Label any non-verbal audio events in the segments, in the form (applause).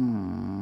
嗯。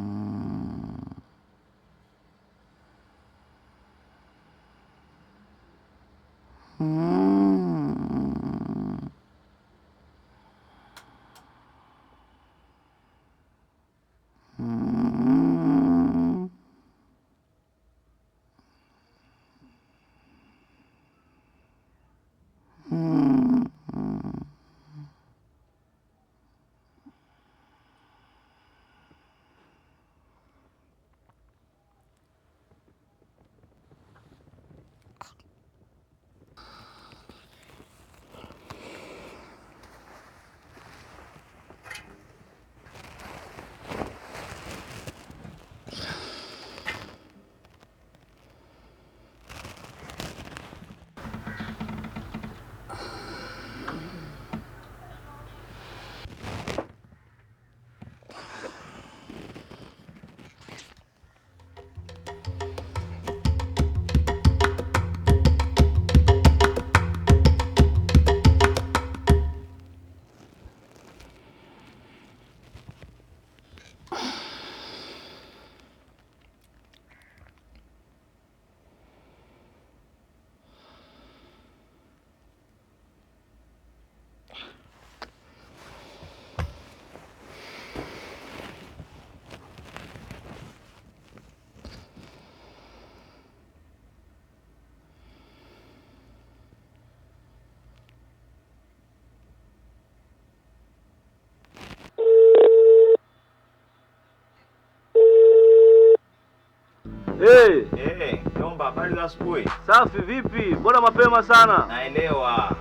Hey. Hey, eh, Jomba, habari za asubuhi. Safi, vipi? Mbona mapema sana? Naelewa.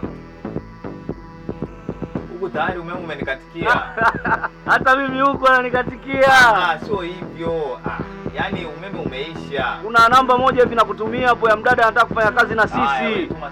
Huko tayari umeme umenikatikia. (laughs) Hata mimi huko ananikatikia. Ah, sio hivyo. Ah, yaani umeme umeisha. Kuna namba moja hivi nakutumia hapo ya mdada anataka kufanya kazi na sisi. Ah,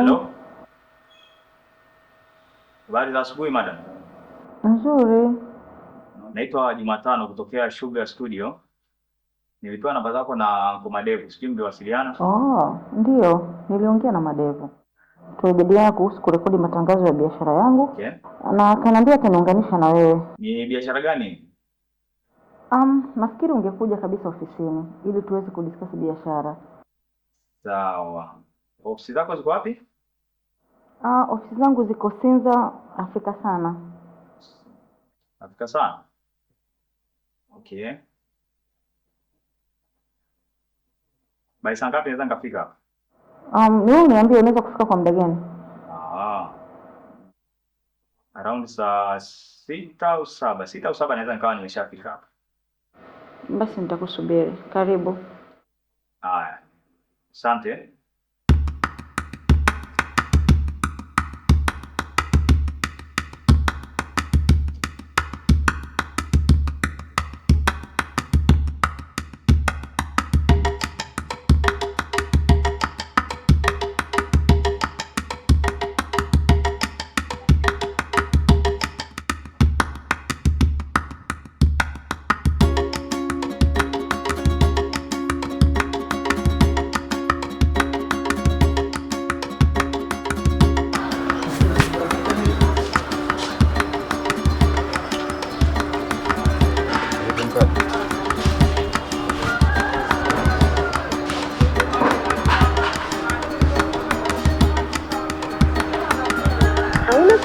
Halo. Habari za asubuhi madam. Nzuri. Naitwa Jumatano kutokea Sugar Studio. Nilipewa namba zako na kwa Madevu, sijui mliwasiliana? Oh, ndio, niliongea na Madevu tulijadiliana kuhusu kurekodi matangazo ya biashara yangu. Okay. Na akaniambia ataniunganisha na wewe. Ni biashara gani? Um, nafikiri ungekuja kabisa ofisini ili tuweze kudiskasi biashara. Sawa. Ofisi zako ziko wapi? Ah, ofisi zangu ziko Sinza Afrika sana. Afrika sana. Okay. bai saa ngapi naweza nikafika hapa? Um, ni wewe niambie unaweza kufika kwa muda gani? Ah. Around saa sita au saba. Sita au saba naweza nikawa nimeshafika hapa. Basi nitakusubiri. Karibu. Haya. Asante.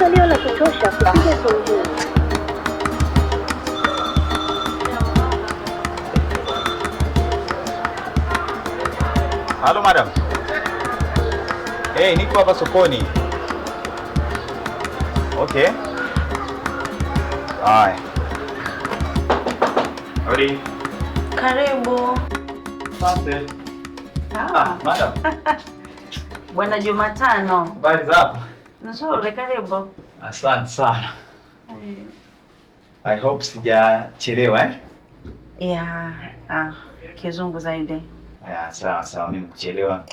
salio la kutosha kupiga Halo madam. Hey, niko hapa sokoni. Okay. Haya. Hodi. Karibu. Asante. Ah, ah madam. (laughs) Bwana Jumatano. Habari zako? Nashauri karibu. Asante sana. I hope sijachelewa eh? Yeah, ah, kizungu zaidi. Yeah, sawa sawa, mimi kuchelewa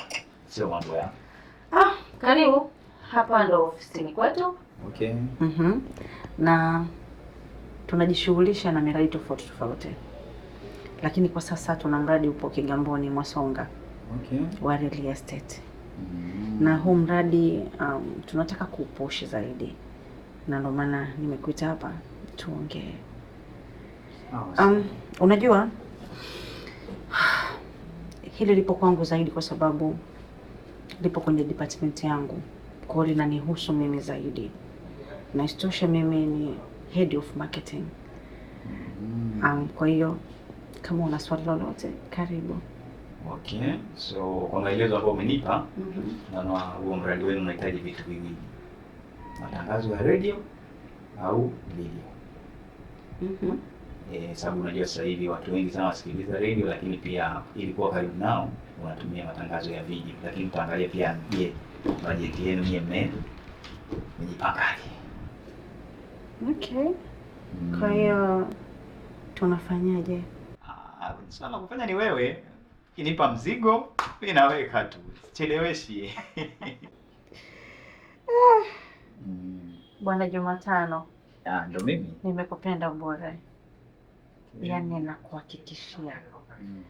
sio mambo ya. ¿eh? Ah, karibu. Hapa ndo ofisini kwetu. Okay. Mhm. Mm, na tunajishughulisha na miradi tofauti tofauti. Lakini kwa sasa tuna mradi upo Kigamboni Mwasonga. Okay. Wa real estate. Mm-hmm. na huu mradi um, tunataka kuupushi zaidi, na ndio maana nimekuita hapa tuongee. Um, unajua hili lipo kwangu zaidi kwa sababu lipo kwenye department yangu, kwa hiyo linanihusu mimi zaidi, na isitoshe mimi ni head of marketing. Mm-hmm. Um, kwa hiyo kama una swali lolote, karibu. Okay, so kwa maelezo ambayo umenipa mm -hmm. huo mradi wenu unahitaji vitu viwili, matangazo ya radio au video mm -hmm. Eh, sababu unajua sasa hivi watu wengi sana wasikiliza radio, lakini pia ili kuwa karibu nao unatumia matangazo ya video, lakini utaangalia pia, je, bajeti yenu nyie mme mjipangaje? Okay, mm. kwa hiyo tunafanyaje? Ah, swala kufanya ni wewe kinipa mzigo inaweka tu, sicheleweshi mm. (laughs) Bwana Jumatano, ah, ndo mimi nimekupenda bora, mm. yani nakuhakikishia mm.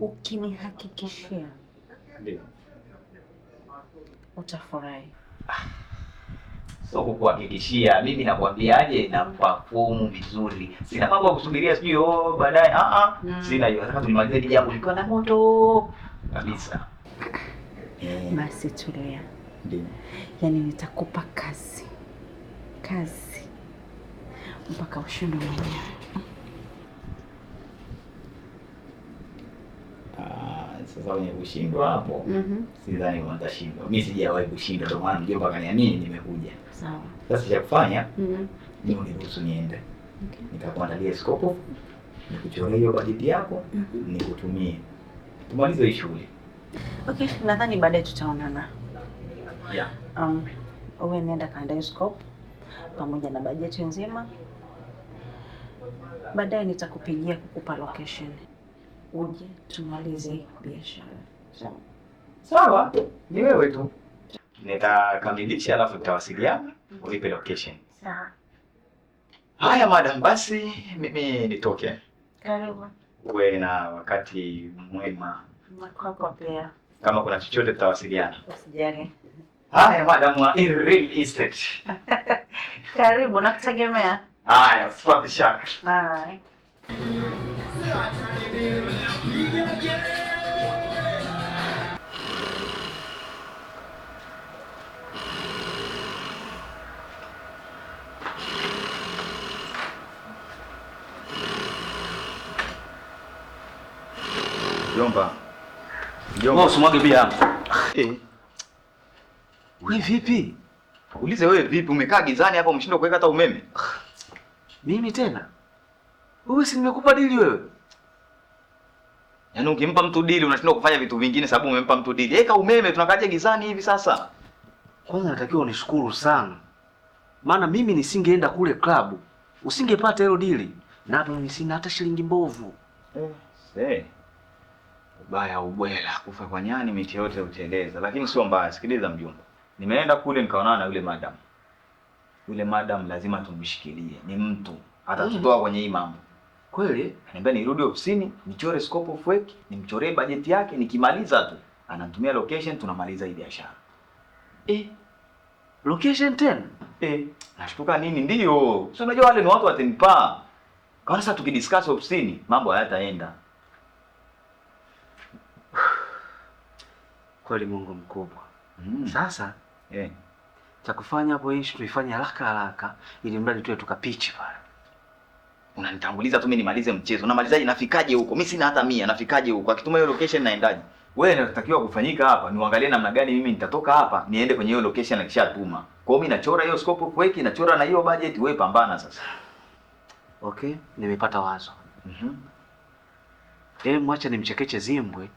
Ukinihakikishia ndio utafurahi. Ah sio kukuhakikishia mimi nakwambiaje, nampafumu vizuri. Sina mambo ya kusubiria sijui oh baadaye, ah ah mm. Sina hiyo, nataka tulimalize hili jambo likiwa na moto kabisa. Eh. Basi tulia, ndio yani nitakupa kazi kazi mpaka ushindwe mwenyewe. Sasa wenye kushindwa hapo mm -hmm. sidhani kama nitashindwa mimi, sijawahi kushinda ndio maana mjomba akaniamini nimekuja. Sawa, sasa cha kufanya mm -hmm. ni uniruhusu niende okay. nikakuandalia skopo, nikuchorea hiyo bajeti yako mm -hmm. nikutumie, tumalize hii shughuli okay. Nadhani baadaye tutaonana yeah. Um, wewe nenda kaandae skopo pamoja na bajeti nzima, baadaye nitakupigia kukupa location uje tumalize biashara sawa. ni wewe tu nitakamilisha, alafu nitawasiliana ulipe location. Sawa. Haya madam, basi mimi nitoke. Karibu. Uwe na wakati mwema. Kwako pia. Kama kuna chochote tutawasiliana. Usijali. Haya madam wa real estate. (laughs) Karibu, nakutegemea. Haya, sipati shaka. Bye. Jomba. Jomba. Usimwage bia Eh. vipi? Ulize wewe vipi umekaa gizani hapa umeshindwa kuweka hata umeme? Mimi tena? Wewe si nimekupa dili wewe? Yaani ukimpa mtu deal unashindwa kufanya vitu vingine sababu umempa mtu deal. Eka umeme tunakaje gizani hivi sasa? Kwanza natakiwa unishukuru sana. Maana mimi nisingeenda kule club, usingepata hilo deal. Na mimi sina hata shilingi mbovu. Eh, hey, Ubaya ubwela, kufa kwa nyani miti yote huteleza, lakini sio mbaya. Sikiliza mjumbe. Nimeenda kule nikaonana na yule madam. Yule madam lazima tumshikilie. Ni mtu atatutoa mm. kwenye hii mambo. Kweli ananiambia nirudi ofisini nichore scope of work, nimchoree bajeti yake, nikimaliza tu ananitumia location, tunamaliza hii biashara. Eh, location ten? Eh, nashtuka nini? Ndio, si unajua wale ni watu watenipaa. Kwa sasa tukidiscuss ofisini mambo hayataenda (sighs) kweli. Mungu mkubwa. Mm. Sasa eh, cha kufanya hapo, hii tuifanye haraka haraka, ili mradi tuwe tukapichi pale Unanitanguliza tu mimi nimalize mchezo. Namalizaje? Nafikaje huko? Mimi sina hata mia, nafikaje huko? Akituma hiyo location naendaje? Wewe unatakiwa kufanyika hapa, niangalie namna gani mimi nitatoka hapa, niende kwenye hiyo location nikishatuma. Kwa hiyo mimi nachora hiyo scope kweki, nachora na hiyo budget, wewe pambana sasa. Okay, nimepata wazo. Mhm. Mm eh, Hebu mwache nimchekeche Zimbwe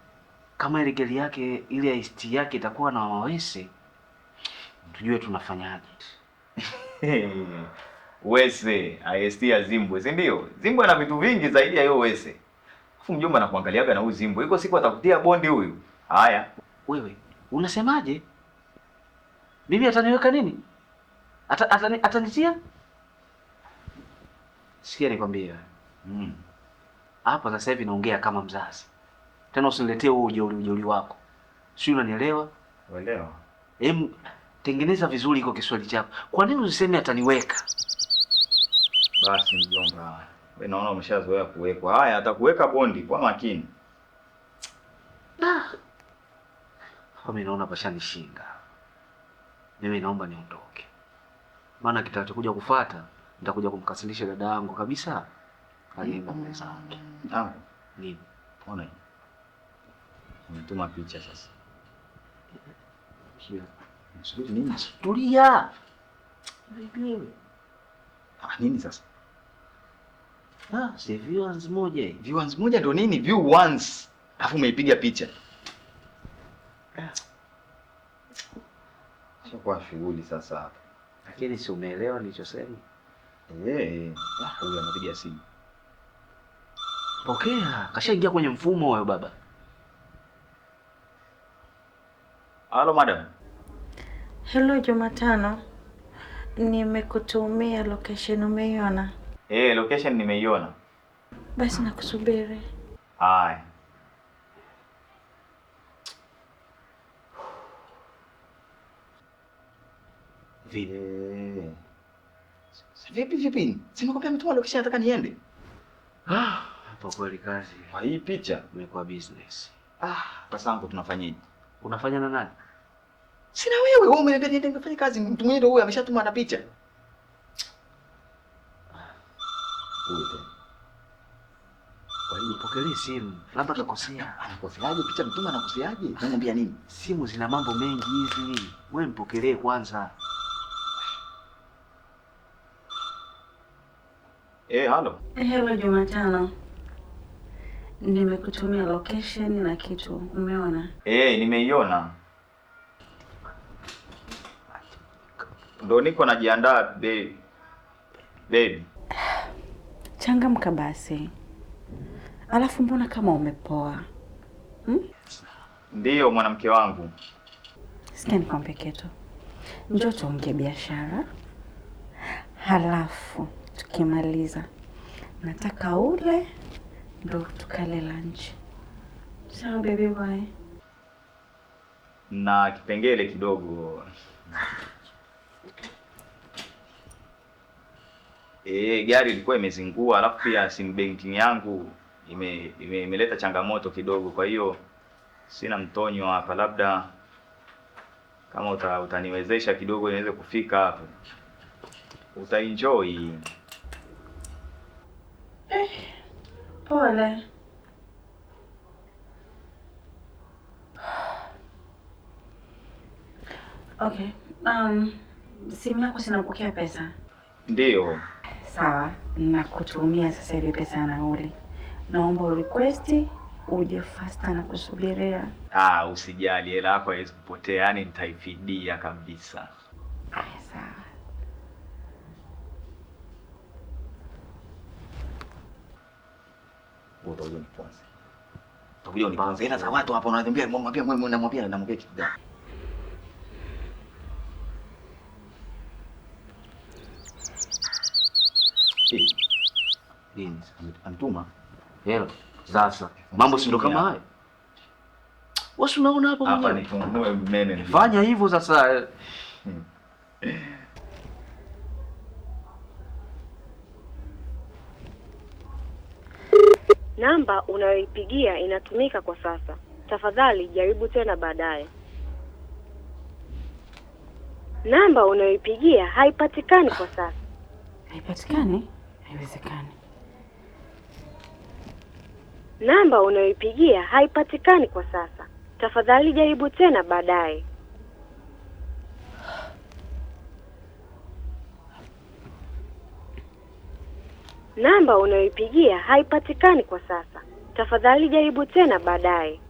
kama ile gari yake ile ST yake itakuwa na mawese. Tujue tunafanyaje. (laughs) wese IST ya Zimbwe, si ndio? Zimbwe ana vitu vingi zaidi ya hiyo wese. Alafu mjomba anakuangaliaga na huyu Zimbwe, iko siku atakutia bondi huyu. Haya wewe unasemaje? Bibi ataniweka nini? Ata, atani, atanitia? Sikia nikwambie. Mm. Hapa sasa hivi naongea kama mzazi. Tena usiniletee huo ujeuri ujeuri wako. Sio, unanielewa? Unaelewa? Em, tengeneza vizuri iko Kiswahili chako. Kwa nini usiseme ataniweka? Basi mjomba, wewe naona umeshazoea kuwekwa. Haya, atakuweka bondi kwa makini. Mimi naona pashanishinda. Mimi naomba niondoke. Maana kitachokuja kufuata nitakuja kumkasilisha dada yangu kabisa. Alienda mbele zake. Ah, Umetuma picha sasa. Kia. Tulia. Ah, nini sasa? Ah, si viewers moja hii. Viewers moja ndo nini? View once. Alafu umeipiga picha. Ah. Sio kwa shughuli sasa hapa. Lakini si umeelewa nilichosema? Eh, ah, huyu anapiga simu. Pokea, kashaingia kwenye mfumo huyo baba. Halo madam. Hello Jumatano. Nimekutumia location umeiona? Eh, location nimeiona. Basi nakusubiri. Haya. Vile. Vipi vipi? Si nikwambia mtu location nataka niende. Ah, hapo kweli kazi. Kwa hii picha imekuwa business. Ah, pesa yangu tunafanyaje? Unafanya na nani? Sina wewe, wewe umeniambia niende nikafanye kazi, mtu mwingine huyu ameshatuma na picha. Niangalie simu. Labda kakosea. Anakoseaje? Picha mtume anakoseaje? Namwambia nini? Simu zina mambo mengi hizi. Wewe mpokelee kwanza. Eh, halo. Hello Jumatano. Nimekutumia location na kitu. Umeona? Eh, nimeiona. Ndo niko najiandaa babe. Babe. Changamka basi. Alafu mbona kama umepoa hmm? Ndiyo mwanamke wangu. Sikia nikwambie kitu, njoo tuongee biashara, halafu tukimaliza nataka ule ndo tukale lunch. Sawa baby boy? na kipengele kidogo e, gari ilikuwa imezingua, alafu pia simu banking yangu ime, ime, imeleta changamoto kidogo, kwa hiyo sina mtonyo hapa, labda kama uta, utaniwezesha kidogo niweze kufika hapo utaenjoy. Eh, pole. Okay. Um, simu yako sinakupokea pesa? ndio Sawa, nakutumia sasa hivi pesa ya nauli naomba urequesti uje fasta na kusubiria. Ah, usijali, hela yako haiwezi kupotea, yaani nitaifidia kabisa. hela za watu hapa, unaniambia namwambia namwambia kitu gani? Eh, Hela. Sasa mambo si kama haya? Wewe unaona hapo mwenyewe. Hapa nifungue mnene. Fanya hivyo sasa. Hmm. Namba unayoipigia inatumika kwa sasa. Tafadhali jaribu tena baadaye. Namba unayoipigia haipatikani kwa sasa. Haipatikani? Haiwezekani. Namba unayoipigia haipatikani kwa sasa. Tafadhali jaribu tena baadaye. Namba unayoipigia haipatikani kwa sasa. Tafadhali jaribu tena baadaye.